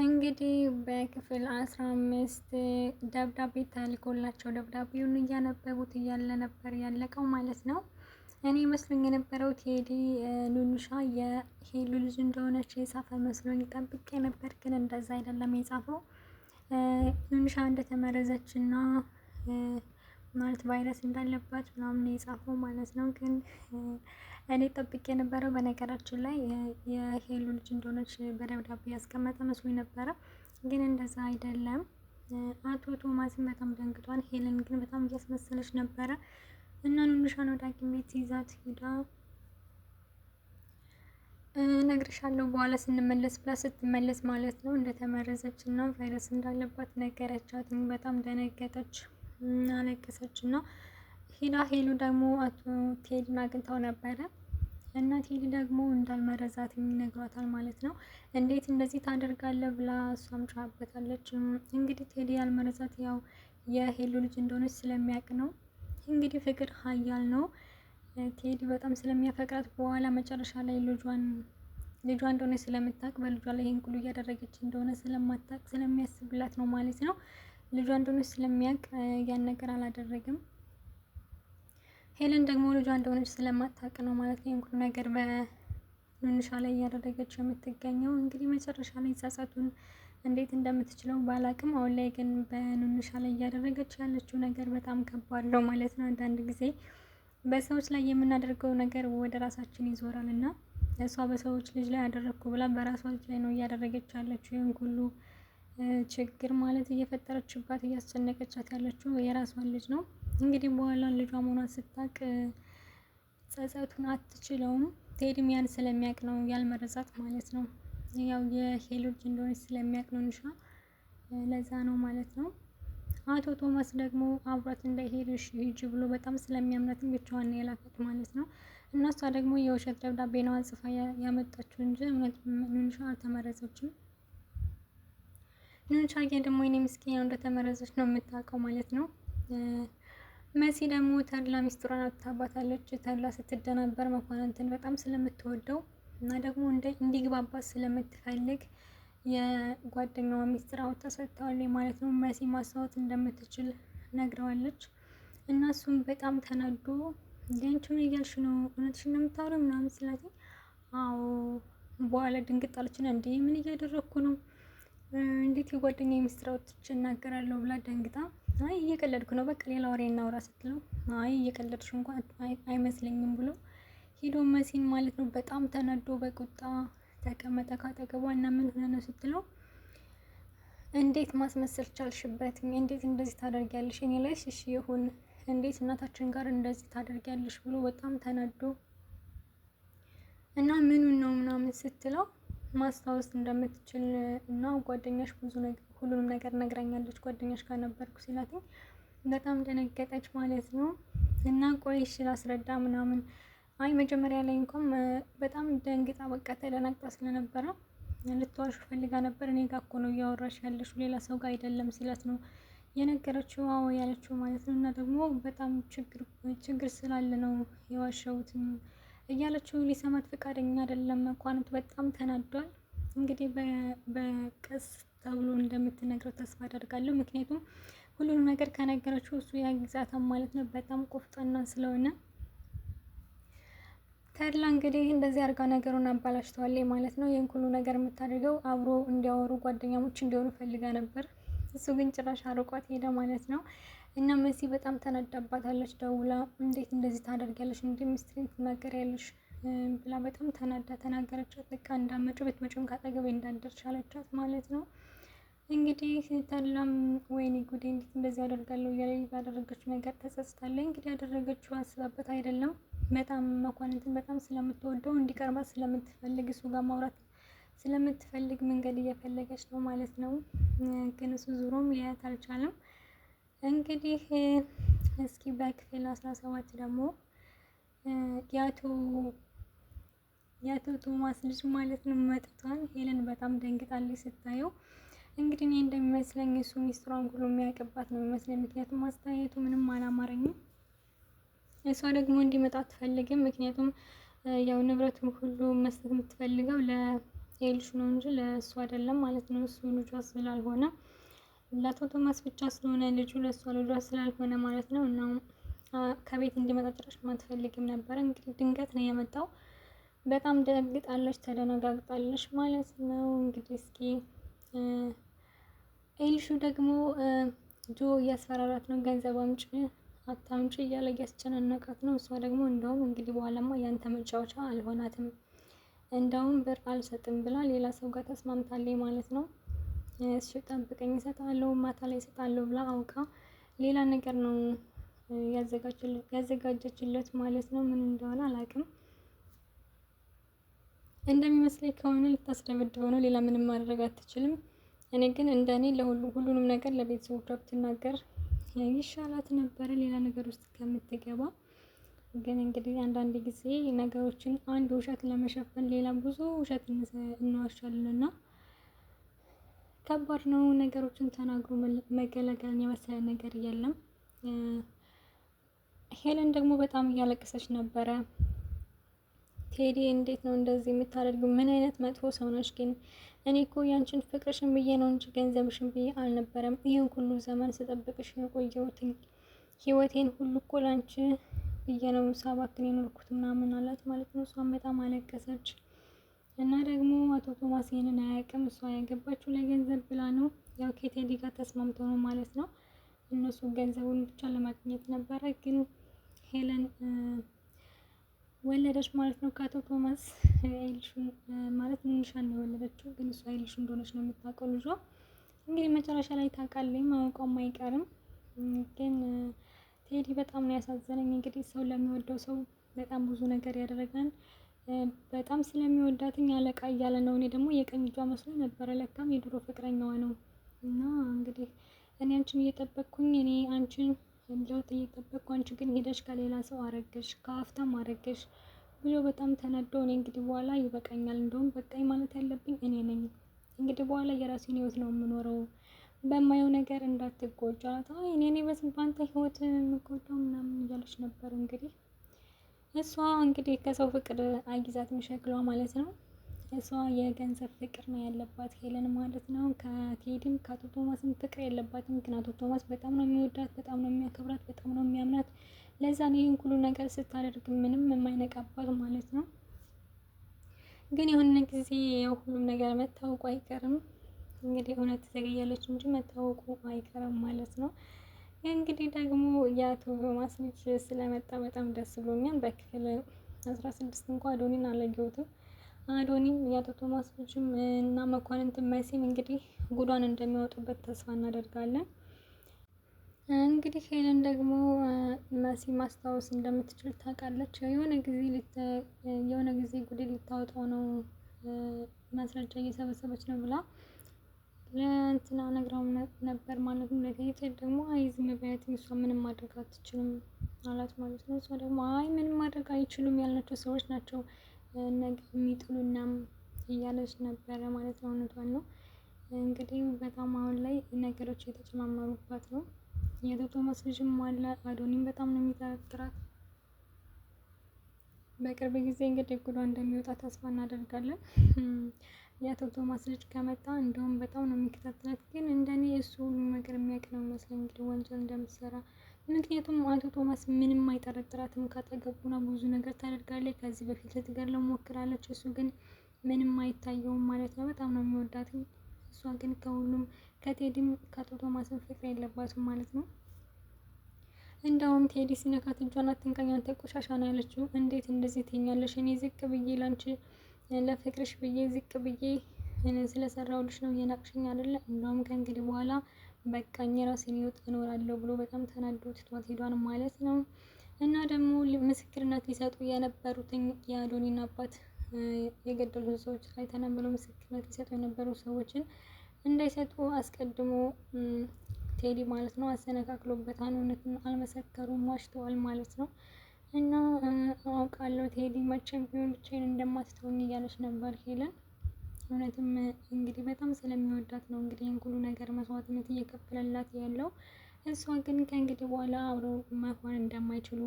እንግዲህ በክፍል አስራ አምስት ደብዳቤ ተልኮላቸው ደብዳቤውን እያነበቡት እያለ ነበር ያለቀው ማለት ነው። እኔ መስሎኝ የነበረው ቴዲ ሉሉሻ የሄሉ ልጅ እንደሆነች የጻፈ መስሎኝ ጠብቄ ነበር፣ ግን እንደዛ አይደለም የጻፈው ሉሉሻ እንደተመረዘች እና ማለት ቫይረስ እንዳለባት ምናምን የጻፈው ማለት ነው። ግን እኔ ጠብቄ የነበረው በነገራችን ላይ የሄሉ ልጅ እንደሆነች በደብዳቤ ያስቀመጠ መስሎ ነበረ፣ ግን እንደዛ አይደለም። አቶ ቶማስን በጣም ደንግጧል። ሄልን ግን በጣም እያስመሰለች ነበረ እና ኑንሻን ወደ ሐኪም ቤት ይዛት ሄዳ እነግርሻለሁ በኋላ ስንመለስ ብላ ስትመለስ ማለት ነው እንደተመረዘች እና ቫይረስ እንዳለባት ነገረቻት። በጣም ደነገጠች። አለቀሰች እና ሂዳ ሄሉ ደግሞ አቶ ቴዲን አግኝተው ነበረ እና ቴዲ ደግሞ እንዳልመረዛት ይነግሯታል ማለት ነው። እንዴት እንደዚህ ታደርጋለ ብላ እሷም ጫበታለች። እንግዲህ ቴዲ ያልመረዛት ያው የሄሉ ልጅ እንደሆነች ስለሚያውቅ ነው። እንግዲህ ፍቅር ኃያል ነው። ቴድ በጣም ስለሚያፈቅራት በኋላ መጨረሻ ላይ ልጇን ልጇ እንደሆነ ስለምታውቅ በልጇ ላይ ይህን ሁሉ እያደረገች እንደሆነ ስለማታውቅ ስለሚያስብላት ነው ማለት ነው። ልጇ እንደሆነች ስለሚያውቅ ያን ነገር አላደረግም። ሄለን ደግሞ ልጇ እንደሆነች ስለማታውቅ ነው ማለት ነው ሁሉ ነገር በኑንሻ ላይ እያደረገች የምትገኘው። እንግዲህ መጨረሻ ላይ ጸጸቱን እንዴት እንደምትችለው ባላቅም፣ አሁን ላይ ግን በኑንሻ ላይ እያደረገች ያለችው ነገር በጣም ከባድ ነው ማለት ነው። አንዳንድ ጊዜ በሰዎች ላይ የምናደርገው ነገር ወደ ራሳችን ይዞራል እና እሷ በሰዎች ልጅ ላይ ያደረግኩ ብላ በራሷ ልጅ ላይ ነው እያደረገች ያለችው ይህን ሁሉ ችግር ማለት እየፈጠረችባት እያስጨነቀቻት ያለችው የራሷን ልጅ ነው። እንግዲህ በኋላን ልጇ መሆኗን ስታቅ ጸጸቱን አትችለውም። ቴዲም ያን ስለሚያቅ ነው ያልመረዛት ማለት ነው። ያው የሄሉ ልጅ እንደሆነች ስለሚያቅ ነው ንሻ ለዛ ነው ማለት ነው። አቶ ቶማስ ደግሞ አብሯት እንዳይሄድ ሂጅ ብሎ በጣም ስለሚያምናትን ብቻዋን የላከት ማለት ነው። እናሷ ደግሞ የውሸት ደብዳቤ ነዋ ጽፋ ያመጣችው እንጂ እውነት ንሻ አልተመረዘችም። ኑንቻዬ ደግሞ ይኔ ምስኪን ያው እንደተመረዘች ነው የምታውቀው ማለት ነው። መሲ ደግሞ ተድላ ሚስጥሯን አታባታለች። ተድላ ስትደናበር መኳንንትን በጣም ስለምትወደው እና ደግሞ እንዲግባባት ስለምትፈልግ የጓደኛዋ ሚስጥር አውጥታ ሰጥተዋለች ማለት ነው። መሲ ማስታወት እንደምትችል ነግረዋለች እና እሱም በጣም ተናዶ ለአንቺ እያልሽ ነው? እውነትሽ እንደምታወሪው ምናምን ስላት አዎ በኋላ ድንግጥ አለችና እንዴ ምን እያደረግኩ ነው እንዴት የጓደኛ ምስጢራዎች እናገራለሁ ብላ ደንግጣ አይ እየቀለድኩ ነው፣ በቃ ሌላ ወሬ እናውራ ስትለው አይ እየቀለድሽ እንኳን አይመስለኝም ብሎ ሄዶ መሲን ማለት ነው በጣም ተነዶ በቁጣ ተቀመጠ ካጠገቧ እና ምን ሆነ ነው ስትለው እንዴት ማስመሰል ቻልሽበት? እንዴት እንደዚህ ታደርጊያለሽ? እኔ ላይ ሽሽ ይሁን እንዴት እናታችን ጋር እንደዚህ ታደርጊያለሽ ብሎ በጣም ተነዶ እና ምኑን ነው ምናምን ስትለው ማስታወስ እንደምትችል እና ጓደኛሽ ብዙ ሁሉንም ነገር ነግረኛለች ጓደኛሽ ጋር ነበርኩ ሲላትኝ በጣም ደነገጠች ማለት ነው። እና ቆይሽ ስላስረዳ ምናምን አይ መጀመሪያ ላይ እንኳን በጣም ደንግጣ በቃ ተደናግጣ ስለነበረ ልትዋሹ ፈልጋ ነበር። እኔ ጋ እኮ ነው እያወራሽ ያለሽው ሌላ ሰው ጋር አይደለም ሲላት ነው የነገረችው አዎ ያለችው ማለት ነው። እና ደግሞ በጣም ችግር ችግር ስላለ ነው የዋሸሁትም እያለችው ሊሰማት ፈቃደኛ አይደለም። ኳንቱ በጣም ተናዷል። እንግዲህ በቀስ ተብሎ እንደምትነግረው ተስፋ አደርጋለሁ። ምክንያቱም ሁሉንም ነገር ከነገረችው እሱ ያግዛታል ማለት ነው። በጣም ቆፍጣና ስለሆነ ተድላ እንግዲህ እንደዚህ አድርጋ ነገሩን አባላሽተዋለች ማለት ነው። ይህን ሁሉ ነገር የምታደርገው አብሮ እንዲያወሩ ጓደኛሞች እንዲሆኑ ፈልጋ ነበር። እሱ ግን ጭራሽ አርቋት ሄደ ማለት ነው። እና መሲ በጣም ተናዳባታለች። ደውላ እንዴት እንደዚህ ታደርጊያለሽ? እንደ ሚስትሪን ትናገሪያለሽ ብላ በጣም ተናዳ ተናገረቻት። በቃ እንዳመጩ ቤት መጪም ካጠገቤ እንዳደርሽ አለቻት ማለት ነው። እንግዲህ ተላም ወይኒ ጉዴ እንዴት እንደዚህ አደርጋለሁ እያለ ባደረገችው ነገር ተጸጽታለ። እንግዲህ ያደረገችው አስባበት አይደለም። በጣም መኳንንትን በጣም ስለምትወደው እንዲቀርባት ስለምትፈልግ እሱ ጋር ማውራት ስለምትፈልግ መንገድ እየፈለገች ነው ማለት ነው። ግን እሱ ዙሮም ሊያያት አልቻለም። እንግዲህ እስኪ በክፍል አስራ ሰባት ደግሞ የአቶ የአቶ ቶማስ ልጅ ማለት ነው መጥቷል። ሄለን በጣም ደንግጣለች ስታየው። እንግዲህ እኔ እንደሚመስለኝ እሱ ሚስጥሯን ሁሉ የሚያውቅባት ነው የሚመስለኝ፣ ምክንያቱም ማስተያየቱ ምንም አላማረኝም። እሷ ደግሞ እንዲመጣ አትፈልግም፣ ምክንያቱም ያው ንብረቱ ሁሉ መስጠት የምትፈልገው ለኤልሹ ነው እንጂ ለእሱ አይደለም ማለት ነው። እሱ ልጇ ስላልሆነ ለአቶ ቶማስ ብቻ ስለሆነ ልጁ ለእሷ ልጇ ስላልሆነ ማለት ነው። እና ከቤት እንዲመጣ ጭራሽ ማትፈልግም ነበረ። እንግዲህ ድንገት ነው የመጣው። በጣም ደግጣለች ተደነጋግጣለች ማለት ነው። እንግዲህ እስኪ ኤልሹ ደግሞ ጆ እያስፈራራት ነው። ገንዘብ አምጪ አታምጪ እያለ እያስጨናነቃት ነው። እሷ ደግሞ እንደውም እንግዲህ በኋላማ ያንተ መጫወቻ አልሆናትም፣ እንደውም ብር አልሰጥም ብላ ሌላ ሰው ጋር ተስማምታለች ማለት ነው። እሱ ጠብቀኝ እሰጣለሁ ማታ ላይ እሰጣለሁ ብላ አውቃ ሌላ ነገር ነው ያዘጋጀችለት ማለት ነው። ምን እንደሆነ አላውቅም። እንደሚመስለኝ ከሆነ ልታስደበድበው ነው። ሌላ ምንም ማድረግ አትችልም። እኔ ግን እንደ እኔ ሁሉንም ነገር ለቤተሰቦቿ ብትናገር ይሻላት ነበረ ሌላ ነገር ውስጥ ከምትገባ። ግን እንግዲህ አንዳንድ ጊዜ ነገሮችን አንድ ውሸት ለመሸፈን ሌላ ብዙ ውሸት እንዋሻለን እና ከባድ ነው። ነገሮችን ተናግሮ መገለገልን የመሰለ ነገር የለም። ሄለን ደግሞ በጣም እያለቀሰች ነበረ። ቴዲ እንዴት ነው እንደዚህ የምታደርግ? ምን አይነት መጥፎ ሰው ነች? ግን እኔ እኮ ያንቺን ፍቅርሽን ብዬ ነው እንጂ ገንዘብሽን ብዬ አልነበረም ይህን ሁሉ ዘመን ስጠብቅሽ የቆየሁትኝ ህይወቴን ሁሉ እኮ ላንቺ ብዬ ነው ሳባክን የኖርኩት ምናምን አላት ማለት ነው። እሷን በጣም አለቀሰች። እና ደግሞ አቶ ቶማስ ይህንን አያውቅም። እሷ ያገባችው ለገንዘብ ብላ ነው። ያው ከቴዲ ጋር ተስማምቶ ነው ማለት ነው። እነሱ ገንዘቡን ብቻ ለማግኘት ነበረ። ግን ሄለን ወለደች ማለት ነው ከአቶ ቶማስ ኤልሹን ማለት ንንሻ ነው የወለደችው። ግን እሷ ኤልሹ እንደሆነች ነው የምታውቀው ልጇ። እንግዲህ መጨረሻ ላይ ታውቃለች፣ ማወቋም አይቀርም። ግን ቴዲ በጣም ነው ያሳዘነኝ። እንግዲህ ሰው ለሚወደው ሰው በጣም ብዙ ነገር ያደረጋል። በጣም ስለሚወዳትኝ አለቃ እያለ ነው። እኔ ደግሞ የቀኝ እጇ መስሎ ነበረ፣ ለካም የድሮ ፍቅረኛዋ ነው። እና እንግዲህ እኔ አንቺን እየጠበቅኩኝ እኔ አንቺን ለውጥ እየጠበቅኩ አንቺ ግን ሄደሽ ከሌላ ሰው አረገሽ፣ ከሀፍታም አረገሽ ብሎ በጣም ተነዶ እኔ እንግዲህ በኋላ ይበቃኛል፣ እንደውም በቃኝ ማለት ያለብኝ እኔ ነኝ። እንግዲህ በኋላ የራሴን ህይወት ነው የምኖረው፣ በማየው ነገር እንዳትጎጃ። አይ እኔ በስንት በአንተ ህይወት የምጎዳው ምናምን እያለች ነበር እንግዲህ እሷ እንግዲህ ከሰው ፍቅር አጊዛት የሚሸክሏ ማለት ነው። እሷ የገንዘብ ፍቅር ነው ያለባት ሄለን ማለት ነው። ከቴዲም ከአቶ ቶማስም ፍቅር የለባትም። ግን አቶ ቶማስ በጣም ነው የሚወዳት፣ በጣም ነው የሚያከብራት፣ በጣም ነው የሚያምናት። ለዛ ነው ይህን ሁሉ ነገር ስታደርግ ምንም የማይነቃባት ማለት ነው። ግን የሆነ ጊዜ ያው ሁሉም ነገር መታወቁ አይቀርም እንግዲህ እውነት ትዘገያለች እንጂ መታወቁ አይቀርም ማለት ነው። እንግዲህ ደግሞ የአቶ ሮማስ ልጅ ስለመጣ በጣም ደስ ብሎኛል። በክፍል አስራ ስድስት እንኳ አዶኒን አላየሁትም። አዶኒም የአቶ ቶማስ ልጅም እና መኳንንት መሲም እንግዲህ ጉዷን እንደሚያወጡበት ተስፋ እናደርጋለን። እንግዲህ ሄለን ደግሞ መሲ ማስታወስ እንደምትችል ታውቃለች። የሆነ ጊዜ የሆነ ጊዜ ጉዴ ልታወጣው ነው ማስረጃ እየሰበሰበች ነው ብላ ለእንትና ነግራው ነበር ማለት ነው። ለገይት ደግሞ አይ ዝም በያት እሷ ምንም ማድረግ አትችልም አላት ማለት ነው። እሷ ደግሞ አይ ምንም ማድረግ አይችሉም ያልናቸው ሰዎች ናቸው ነገ የሚጥሉናም እያለች ነበረ ማለት ነው። እውነቷን ነው እንግዲህ በጣም አሁን ላይ ነገሮች የተጨማመሩባት ነው። የቶ ልጅም አለ አዶኒም በጣም ነው የሚጠረጥራት። በቅርብ ጊዜ እንግዲህ ጉዷ እንደሚወጣ ተስፋ እናደርጋለን። የአቶ ቶማስ ልጅ ከመጣ እንደውም በጣም ነው የሚከታተላት። ግን እንደኔ እሱ ሁሉም ነገር የሚያውቅ ነው ይመስለኝ እንግዲህ ወንጀል እንደምትሰራ። ምክንያቱም አቶ ቶማስ ምንም አይጠረጥራትም። ካጠገቡና ብዙ ነገር ታደርጋለች። ከዚህ በፊት ልትገለው ሞክራለች። እሱ ግን ምንም አይታየውም ማለት ነው። በጣም ነው የሚወዳት። እሷ ግን ከሁሉም ከቴዲም ከአቶ ቶማስም ፍቅር የለባትም ማለት ነው። እንደውም ቴዲ ሲነካት እጇን አትንካኝ፣ አንተ ቆሻሻ ነው ያለችው። እንዴት እንደዚህ ትኛለሽ? እኔ ዝቅ ብዬ ላንቺ ለፍቅርሽ ብዬ ዝቅ ብዬ ስለሰራሁልሽ ነው የናቅሽኝ አይደለ? እናም ከእንግዲህ በኋላ በቃ እኔ ራሴን ህይወት እኖራለሁ ብሎ በጣም ተናዶ ትቷት ሄዷን ማለት ነው። እና ደግሞ ምስክርነት ሊሰጡ የነበሩትን የአዶኒን አባት የገደሉ ሰዎች አይተናል ብሎ ምስክርነት ሊሰጡ የነበሩ ሰዎችን እንዳይሰጡ አስቀድሞ ቴዲ ማለት ነው አሰነካክሎበታል። እውነትን አልመሰከሩም፣ ዋሽተዋል ማለት ነው። እና አውቃለሁ ቴዲ መቼም ቢሆን ብቻዬን እንደማትተውኝ እያለች ነበር ሄለን። እውነትም እንግዲህ በጣም ስለሚወዳት ነው እንግዲህ ይህን ሁሉ ነገር መስዋዕትነት እየከፈለላት ያለው። እሷ ግን ከእንግዲህ በኋላ አብረው መሆን እንደማይችሉ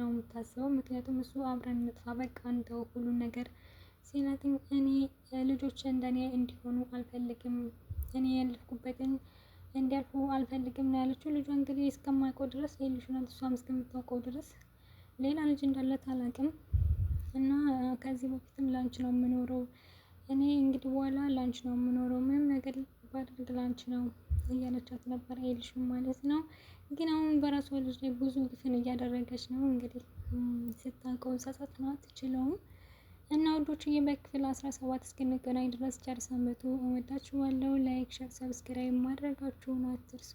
ነው የምታስበው። ምክንያቱም እሱ አብረን እንጥፋ፣ በቃ እንተው ሁሉን ነገር ሲላትኝ እኔ ልጆች እንደኔ እንዲሆኑ አልፈልግም፣ እኔ ያለፍኩበትን እንዲያልፉ አልፈልግም ነው ያለችው። ልጇ እንግዲህ እስከማውቀው ድረስ የልጅ እሷም እስከምታውቀው ድረስ ሌላ ልጅ እንዳላት አላቅም እና ከዚህ በፊትም ላንች ነው የምኖረው እኔ እንግዲህ በኋላ ላንች ነው የምኖረው ምንም ነገር ባደርግ ላንች ነው እያለቻት ነበር አይልሽም ማለት ነው። ግን አሁን በራሷ ልጅ ላይ ብዙ ግፍን እያደረገች ነው። እንግዲህ ስታውቀው እንስሳት ነው አትችለውም። እና ወዶችዬ በክፍል ሰባት እስክንገናኝ ድረስ ጨርሰን በቱ እወዳችኋለሁ። ላይክ፣ ሸር፣ ሰብስክራይብ ማድረጋችሁን አትርሱ።